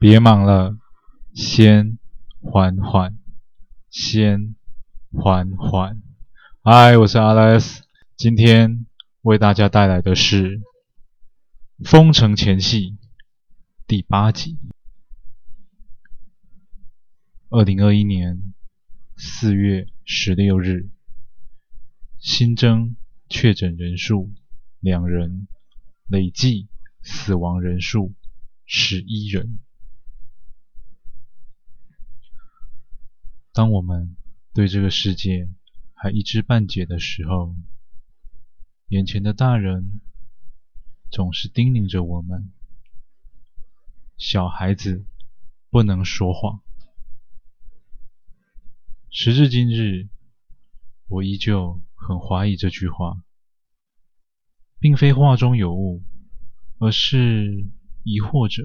別忙了，先緩緩，先緩緩。嗨，我是 Alex，今天為大家帶來的是《封城前夕》第八集。二零二一年四月十六日，新增確診人數兩人，累計死亡人數十一人。當我們對這個世界還一知半解的時候，眼前的大人總是叮嚀着我們：小孩子不能說謊。時至今日，我依舊很懷疑這句話，並非話中有誤，而是疑惑着：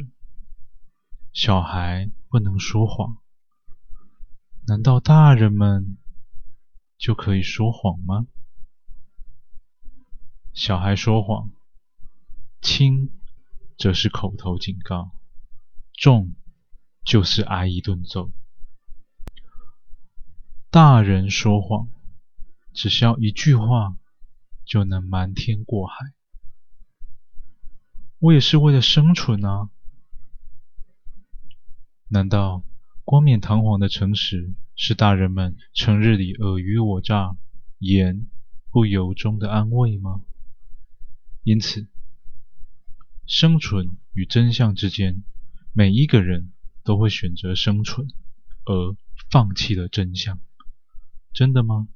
小孩不能說謊。難道大人們就可以說謊嗎？小孩說謊，輕則是口頭警告，重就是挨一頓揍。大人說謊，只需要一句話就能瞞天過海。我也是為了生存啊！難道？冠冕堂皇的誠實，是大人們成日裡爾虞我詐、言不由衷的安慰嗎？因此，生存與真相之間，每一個人都會選擇生存，而放棄了真相。真的嗎？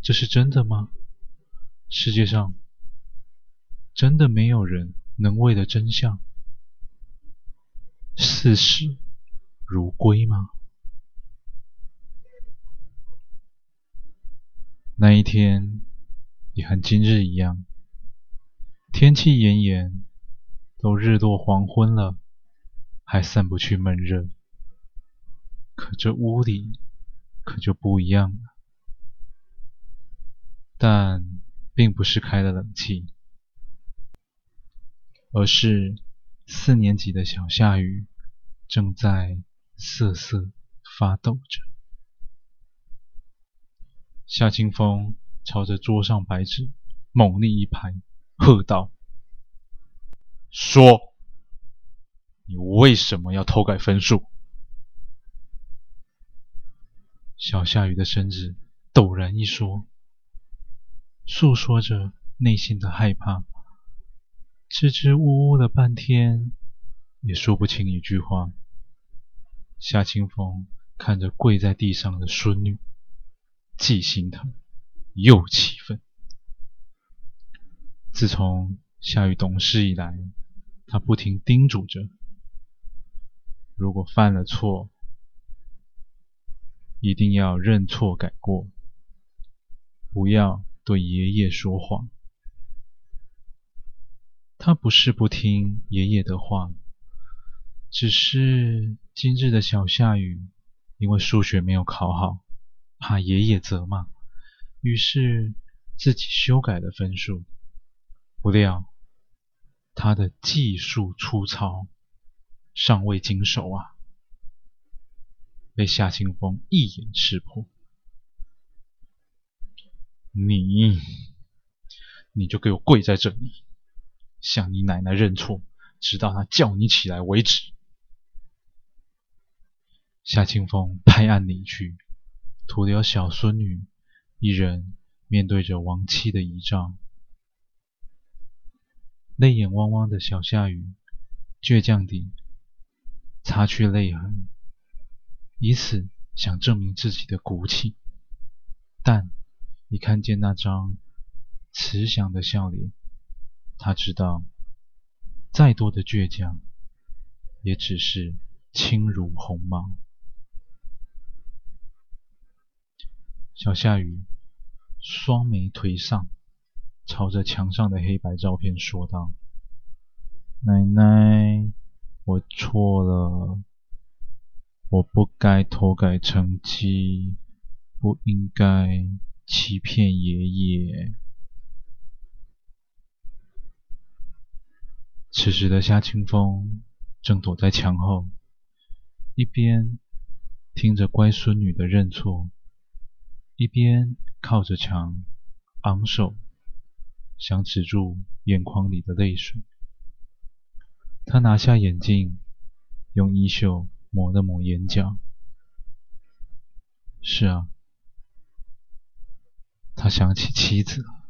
這是真的嗎？世界上真的沒有人能為了真相，視死如歸嗎？那一天也和今日一樣，天氣炎炎，都日落黃昏了，還散不去悶熱。可這屋裡可就不一樣了，但並不是開了冷氣，而是四年級的小夏雨正在。瑟瑟發抖着，夏清風朝着桌上白紙猛力一拍，喝道：“說，你為什麼要偷改分數？”小夏雨的身子陡然一縮，訴說着內心的害怕，支支吾吾了半天，也說不清一句話。夏清風看着跪在地上的孫女，既心疼又氣憤。自從夏雨懂事以來，他不停叮囑着：“如果犯了錯，一定要認錯改過，不要對爺爺說謊。”她不是不聽爺爺的話，只是……今日的小夏雨，因為數學沒有考好，怕爺爺責罵，於是自己修改了分數。不料他的技術粗糙，尚未精熟啊，被夏清風一眼識破。你，你就給我跪在這裡，向你奶奶認錯，直到他叫你起來為止。夏清風拍案離去，徒留小孫女一人面對着亡妻的遺照。淚眼汪汪的小夏雨倔強地擦去淚痕，以此想證明自己的骨氣。但一看見那張慈祥的笑臉，她知道，再多的倔強也只是輕如鴻毛。小夏雨雙眉頹喪，朝着牆上的黑白照片說道：“奶奶，我錯了，我不該偷改成績，不應該欺騙爺爺。”此時的夏清風正躲在牆後，一邊聽着乖孫女的認錯。一邊靠着牆，昂首，想止住眼眶裡的淚水。他拿下眼鏡，用衣袖抹了抹眼角。是啊，他想起妻子了。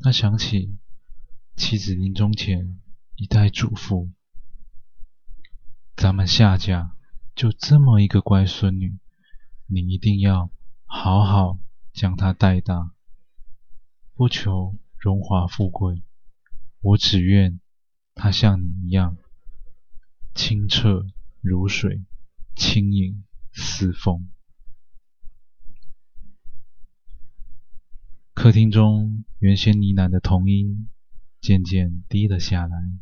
他想起妻子臨終前一再囑咐：“咱們夏家就這麼一個乖孫女。”你一定要好好將她帶大，不求榮華富貴，我只願她像你一樣清澈如水，輕盈似風。客廳中原先呢喃的童音漸漸低了下來。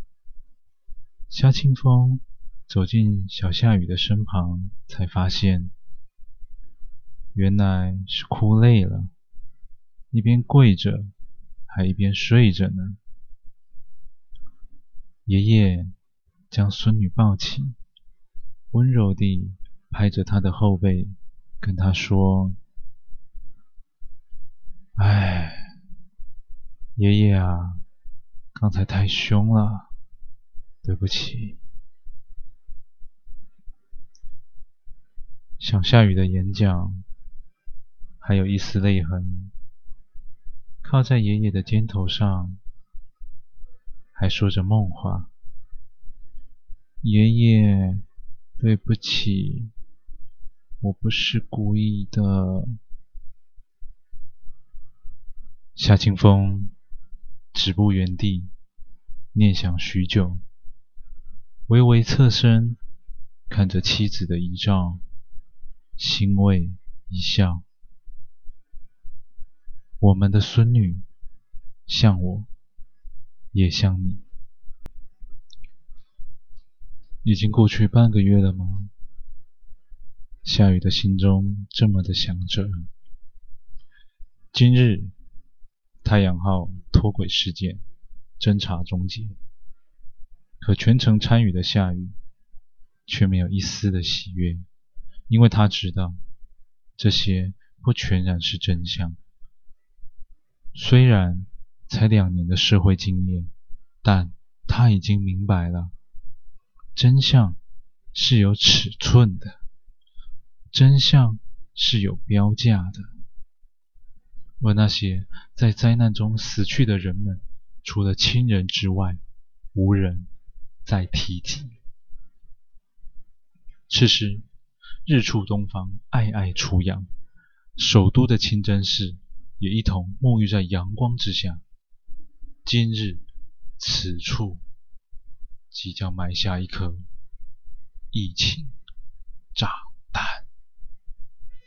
夏清風走近小夏雨的身旁，才發現。原來是哭累了，一邊跪着，還一邊睡着呢。爺爺將孫女抱起，溫柔地拍着她的後背，跟她說：“哎，爺爺啊，剛才太凶了，對不起。”小夏雨的眼角。還有一絲淚痕，靠在爺爺的肩頭上，還說着夢話。爺爺，對不起，我不是故意的。夏清風止步原地，念想許久，微微側身，看着妻子的遺照，欣慰一笑。我們的孫女像我，也像你。已經過去半個月了嗎？夏雨的心中這麼的想着。今日，太陽號脫軌事件，偵查終結。可全程參與的夏雨卻沒有一絲的喜悅，因為她知道，這些不全然是真相。雖然才兩年的社會經驗，但她已經明白了，真相是有尺寸的，真相是有標價的。而那些在災難中死去的人們，除了親人之外，無人再提及。此時，日出東方，曖曖初陽，首都的清真寺。也一同沐浴在陽光之下。今日，此處即將埋下一顆疫情炸彈。